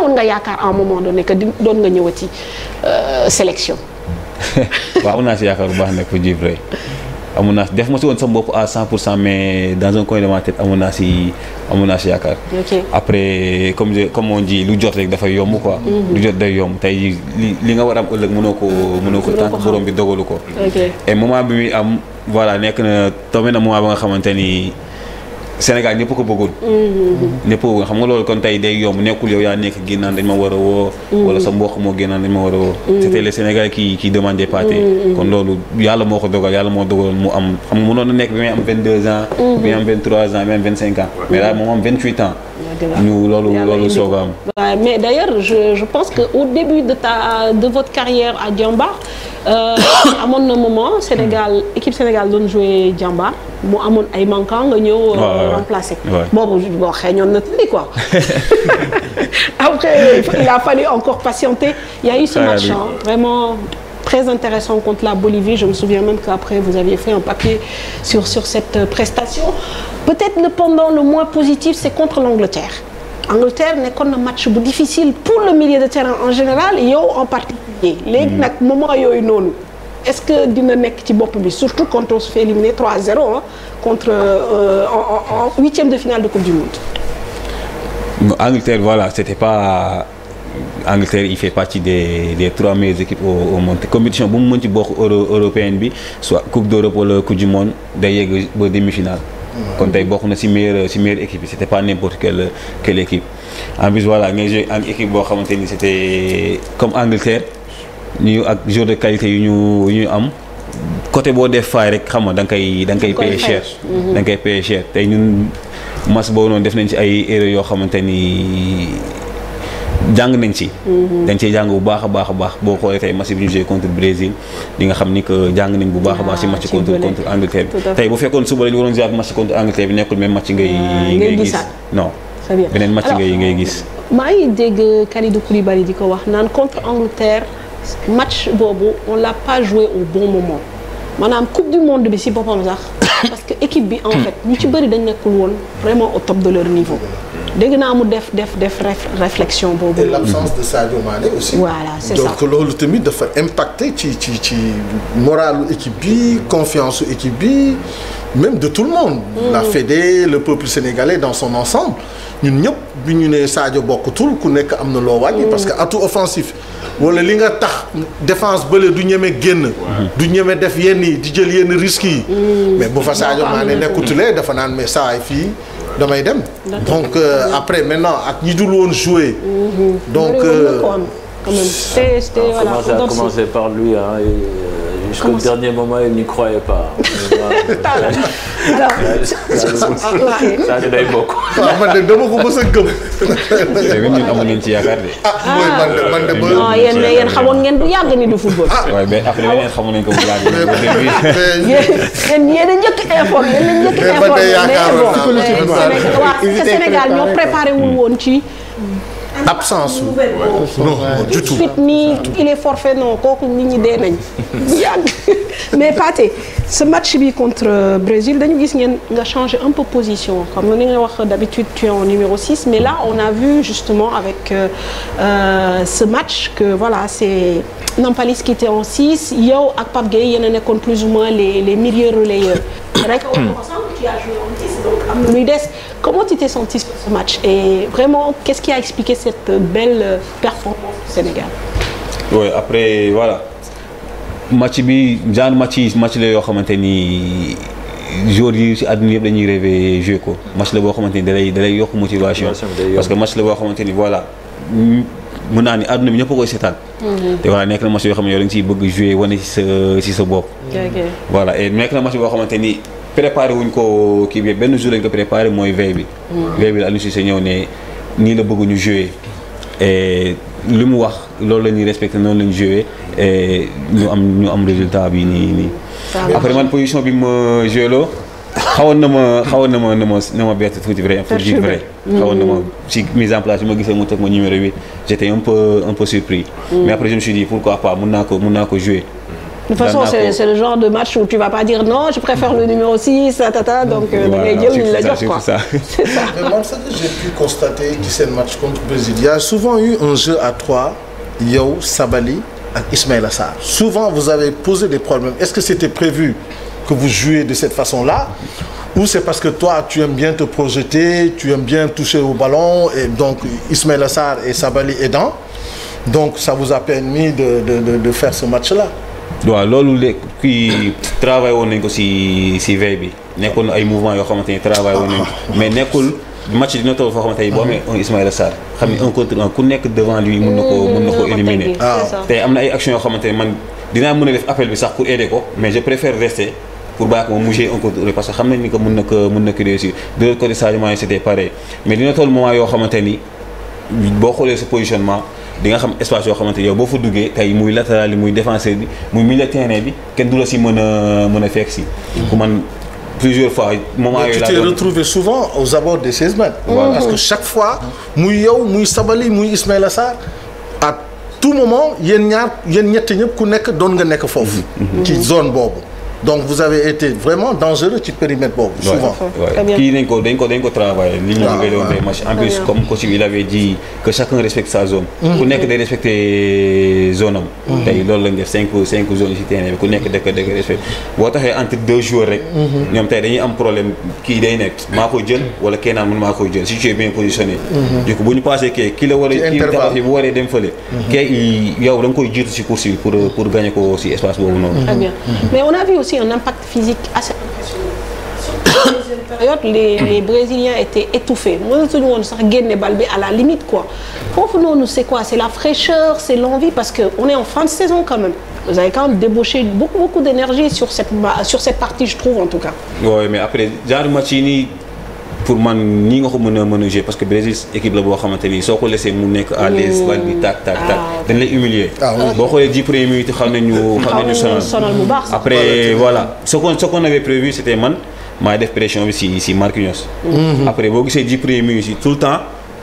amoon nga yaakaar à moment doon nga ñëwati euh, sélection waaw amoon si yaakaar bu baax nag fu jiib rëy amoon si def ma si woon sama bopp à 100 pour cent mais dans un coin de ma tête amoon naa si amoon naa si yaakaar. après comme comme on dit lu jot rek dafay yomb quoi. Mhm. lu jot day yomb tey li li nga war a am ëllëg mënoo ko mënoo ko tànk borom bi dogalu ko. et moment bi muy am voilà nekk na tombé na moment ba nga xamante Sénégal ñëpp ko bëggoon. Mm-hmm. ñëpp ko xam nga loolu kon tey day yomb nekkul yow yaa nekk génnaan dañ ma war a woo. Mm-hmm. wala sa mbokk moo génnaan dañ ma war a woo. Mm-hmm. c'était le Sénégal qui qui demandait kon loolu yàlla moo ko dogal yàlla moo dogal mu am xam nga mënoon na nekk bi may am 22 ans. bi may am 23 bi may am 25 ans. mais daal moom am 28 ans. ñu loolu loolu soog a am. mais d'ailleurs je je pense que au début de ta de votre carrière à Diamba. Euh, amoon na moment Sénégal mm. équipe Sénégal doon joué jàmbaar mu amoon ay manquant nga ñëw. Euh, remplacer boobu boo xeeñoon na tëddi quoi. après il a fallu encore patienter. il y a eu ce match vraiment. très intéressant contre la Bolivie. Je me souviens même qu'après, vous aviez fait un papier sur, sur cette prestation. Peut-être le pendant le moins positif, c'est contre l'Angleterre. Angleterre nekkoon na match bu difficile pour le milieu de terrain en général yow en particulier léegi mm. nag moment yooyu noonu est-ce que dina nekk ci bopp bi surtout quand on se fait éliminer 3-0 contre euh, en en huitième de finale de coupe du monde. Angleterre voilà c'était pas. Angleterre il fait partie des des trois meilleures équipes au au monde compétition bu mu mën ci bokk euro européenne bi soit coupe d'Europe wala coupe du monde day yegg ba demi-finale. kon tey bokk na si meilleure si meilleure équipe yi c' était pas n' importe quelle quelle équipe. en plus voilà ngay joué équipe boo xamante ni c' comme Angleterre ñu ak joueur de qualité yu ñu ñu am. côté boo def faay rek xam nga da nga koy da nga koy paye cher mhm. da tey ñun mas boobu noonu def nañ ci ay erreur yoo xamante ni. jàng nañ ci. Mhm. dañ cee jàng bu baax a baax a baax boo xoolee tey match bi ñu joué contre Brésil di xam ni que jàng nañ bu baax a baax ci ah, match contre contre Angleterre bi tey bu fekkoon suba la nekkul même match ngay ah, gis non beneen match ngay gis maa ngi dégg Kalidou Koulibaly di ko wax naan contre Angleterre match boobu on l'a pas joué au bon moment maanaam coupe du monde bi ci boppam sax parce que équipe bi en fait ñu ci bëri dañ nekkul woon vraiment au top de leur niveau dégg naa mu def def def réflexion boobu. et l'absence de Sadio Mané aussi. donc loolu tamit dafa impacté ci ci ci moralu équipe bi confiance u équipe bi même de tout le monde. Mm. la Fédé le peuple sénégalais dans son ensemble ñun ñëpp bi ñu nee Sadio bokkutul ku nekk am na loo wàññi. Mm. parce que atout offensif. wala li nga tax defence bële du ñeme génn. du ñeme def yenn yi di jël yenn risques yi. Mm. mais bu fa Sadio Mané nekkutulee dafa naan mais saa fii. damay dem. donc euh, après maintenant ak ñi dul woon jouer. Mhm. donc on a commencé par lui hein, et euh, dernier moment il n'y croyait pas. Sadio day bokk. waaw man de dama ko mës a gëm. léegi ñun amuñu ci yaakaar de. ah mooy man de man de ba. non yéen yéen xamoon ngeen du yàgg ni du football. ah waaye mais après leneen xamu nañ ko bu yàgg. yéen yéen a njëkk informé yéen a njëkk informé. mais ba tey yaakaaroon naa waaw Sénégal ñoo préparé wul woon ci. absence su non du tout fit forfait non kooku nit ñi dee nañ yàgg mais Pathé ce match bi contre euh, Brésil dañu gis ngeen nga changer un peu position xam nga ni nga wax d'habitude tu es en numéro mais là on a vu justement avec euh, euh, ce match que voilà c'est Nampalis qui était en 6 yow ak Pape Gueye yéen a nekkoon plus ou moins les les milieux rek. qui a joué en 10 donc am des comment tu t'es senti sur ce match et vraiment qu'est-ce qui a expliqué cette belle performance du Sénégal. après voilà match bi genre match yi la yoo xamante ni joueurs yi si àdduna yëpp dañuy rêvé joué ko match la boo xamante ni da lay da lay yokk motivation. parce que match la boo xamante ni voilà. mën naa ni àdduna bi ñëpp a koy seetaan. Mhm. te voilà nekk na match yoo xam ne yow da bëgg jouer wane ci sa ci sa bopp. voilà et nekk na match boo xamante ni préparé wuñ ko kii benn jour lañ ko préparé mooy veille bi. Mhm. veille bi la Aliou Cissé ñëw nii la bëgg ñu jouer li mu wax loolu la ñuy respecté noonu la ñu ñu am ñu am résultat bi nii nii. après man position bi ma joué xawoon na ma xawoon na ma na ma na ma bett tuuti vrai pour dire vrai mm. xawoon na ma si mise en place bi ma gisee mu teg j'étais un peu surpris mm. mais après je me suis dit pourquoi pas mun jouer de façon c'est le genre de match où tu vas pas dire non je préfère le numéro 6 tata donc euh, mais a souvent eu un jeu à trois yow Sabali ak Ismaïla Sarr souvent vous avez posé des problèmes est-ce que c'était prévu que vous jouez de cette façon-là ou c'est parce que toi, tu aimes bien te projeter, tu aimes bien toucher au ballon, et donc Ismail Assar et Sabali aidant. Donc ça vous a permis de, de, de, de faire ce match-là. waaw loolu léegi kii travail woon nañ ko si si bi nekkoon na ay mouvement yoo xamante ni travail woon nañ mais nekkul match dina toll foo xamante ni boo amee un xam ne un contre ku nekk devant lui mun na ko mun na ko mmh, éliminer te am na ay action yoo xamante ne man dinaa mën a def bi sax pour mais pour baax moom mu jouer un contre parce que xam nañ ni que mën na ko mën na ko réussir de l'autre côté Sadio Mané c'était pareil mais dina toll moment yoo xamante ni boo xoolee sa positionnement di nga xam espace muy latéral bi muy défenseur bi muy milieu terrain kenn du si mën a mën a fekk si. ku man plusieurs fois moment yooyu laa doon tu t'es retrouvé souvent chaque fois. muy yow muy Sabali muy Ismaïla Sarr à tout moment yéen ñaar yéen ñett ñëpp ku nekk doon nga nekk foofu. Mhm. Mhm. ci zone boobu. donc vous avez été vraiment dangereux ci périmètre boobu. souvent kii nañ ko dañ ko dañ ko travaillé. li ñu ngay ah, en plus comme coach bi il avait dit que chacun respecte sa zone. Mm. ku nekk day respecté zone am. Mm. tey loolu la ñu cinq cinq zones ci bi ku nekk da ko da ko taxee entre deux joueurs rek. Mm-hmm. ñoom tey dañuy am problème kii day nekk maa koy jël wala kenn man maa koy jël si tu es bien positionné. Mm-hmm. bu ñu passé kii ki la war a. ci intervalle bu waree dem aussi un impact physique assez période les les brésiliens étaient étouffés mënatuñu woon sax génne bal bi à la limite quoi foofu noonu c'est quoi c'est la fraîcheur c'est l'envie parce que on est en fin de saison quand même vous avez quand même débauché beaucoup beaucoup d'énergie sur cette sur cette partie je trouve en tout cas. oui mais après genre match yi nii pour man nii nga ko mën a mën a parce que Brésil équipe la boo xamante ni soo ko laissé mu nekk à l'aise mm. bal bi tac tac tac ah, dañ lay humilier ah, boo xoolee dix premières minutes ah, xam nañu xam nañu sonal bu baax après voilà ce qu'on ce qu'on avait prévu c'était man maay def pression bi si si Marquinhos mm-hmm. après boo gisee dix premières minutes yi tout le temps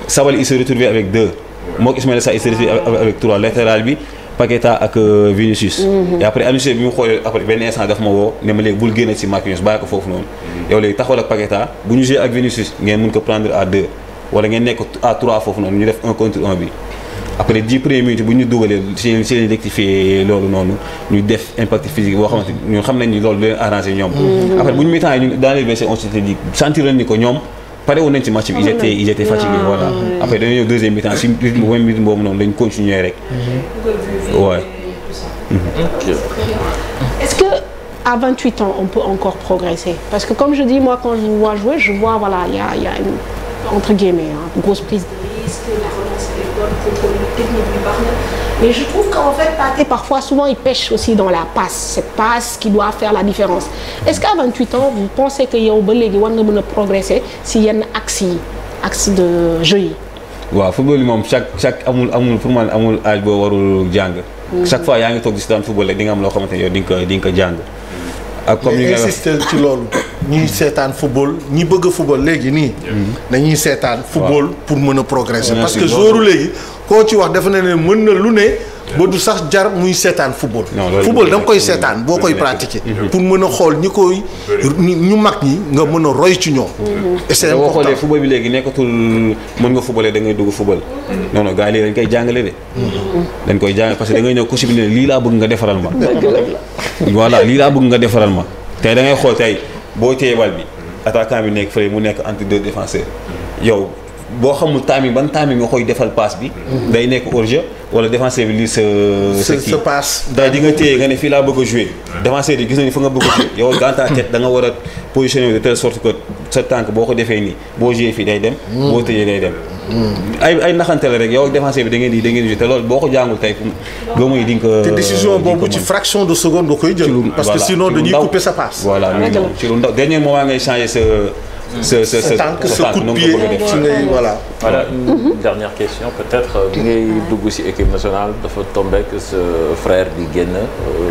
Sabali il se retrouvait avec deux moo Ismaïla Sarr il se retrouvait avec trois latéral bi Paqueta ak euh, Vinicius. Mm-hmm. et après Aliou bi mu xoolee après benn instant daf ma woo ne ma léegi bul génne ci Marquinhos bàyyi ko foofu noonu. Mm-hmm. yow léegi taxawal ak Paqueta bu ñu joué ak Vinicius ngeen mun ko prendre à deux wala ngeen nekk à trois foofu noonu ñu def un contre un bi. après dix premières minutes bu ñu dugalee si si leen loolu noonu ñu def impact physique boo xam nañ ni loolu leen arrangé ñoom. Mm-hmm. après bu ñu mi yi ñun dans les vestiaires on s'était ko ñoom. pare woon nañ ci match bi ils étaient ils ah, voilà après dañoo ñëw deuxième mi si rythme vingt minutes boobu noonu dañ continuer rek mm-hmm. est-ce que à 28 ans on peut encore progresser parce que comme je dis moi quand je vois jouer je vois voilà il y grosse prise Mais je trouve qu'en fait, Pâté, parfois, souvent, il pêche aussi dans la passe, cette passe qui doit faire la différence. Est-ce qu'à 28 ans, vous pensez que Yaoubelé doit progresser s'il y a un axe, axe de jeu waaw football yi moom chaque chaque amul amul pour man amul âge boo warul jàng. Hmm. chaque fois yaa ngi toog di si daan football rek di am loo xamante ne yow di ko di ko jàng. ak comme insister ci loolu. ñuy seetaan football ñi bëgg a football léegi nii. Hmm. dañuy seetaan. football pour mën a progresser. parce que léegi. koo ci wax dafa ne ne mën na lu ne ba du sax jar muy seetaan football football da nga koy seetaan boo koy pratiquer mm-hmm. pour mën a xool ñi koy ñu mag ñi nga mën a roy ci ñoom mm-hmm. et c'est xoolee football bi léegi nekkatul mën nga footballee da ngay dugg football mm-hmm. non non gars yi dañ koy jàngale de dañ koy jàngale parce que da ngay ñëw coach bi ne lii laa bëgg nga defaral ma voilà lii laa bëgg nga defaral ma tey da ngay xool tey boo téye bi attaquant bi nekk fële mu nekk entre deux yow boo xamul timing ban timing nga koy defal passe bi. Mhm. day nekk hors jeu wala bi lii sa. sa sa passe. daal di nga téye nga ne fii laa bëgg a joué. défenseur bi gis nañu fa nga bëgg a joué yow dans ta war a positionné de telle sorte que sa tànk boo ko defee nii boo joué fii day dem. Mhm. boo tëjee day dem. Mhm. ay ay naxante la rek yow défenseur bi da ngeen di da ngeen te loolu boo ko jàngul tey gëmu yi di nga ko. te décision boobu fraction de seconde nga koy jël. parce que sinon dañuy couper sa passe. sa sa sa tànk nu nga ko bëgg a def voilà. voilà une dernière question peut-être. ki euh, ngay dugg ci équipe nationale dafa tombé que sa frère bi génn. Euh,